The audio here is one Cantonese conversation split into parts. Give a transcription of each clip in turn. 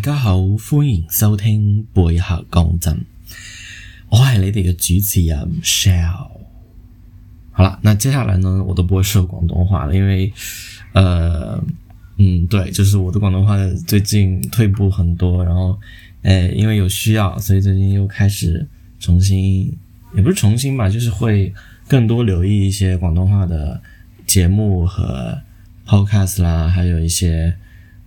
大家好，歡迎收聽播客講真，我係你哋嘅主持人 Shell。好啦，那接下來呢，我都不會說廣東話了，因為，呃嗯，對，就是我的廣東話最近退步很多，然後誒、呃，因為有需要，所以最近又開始重新，也不是重新吧，就是會更多留意一些廣東話的節目和 podcast 啦，還有一些。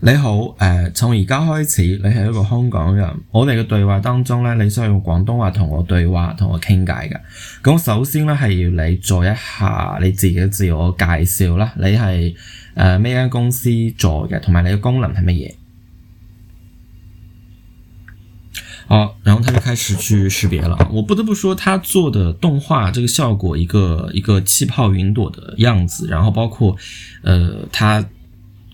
你好，誒、呃，從而家開始，你係一個香港人。我哋嘅對話當中咧，你需要用廣東話同我對話，同我傾偈嘅。咁首先咧，係要你做一下你自己自我介紹啦。你係誒咩間公司做嘅，同埋你嘅功能係乜嘢？好，然後他就開始去識別了。我不得不說，他做的動畫，這個效果一個一個氣泡雲朵的樣子，然後包括，呃他。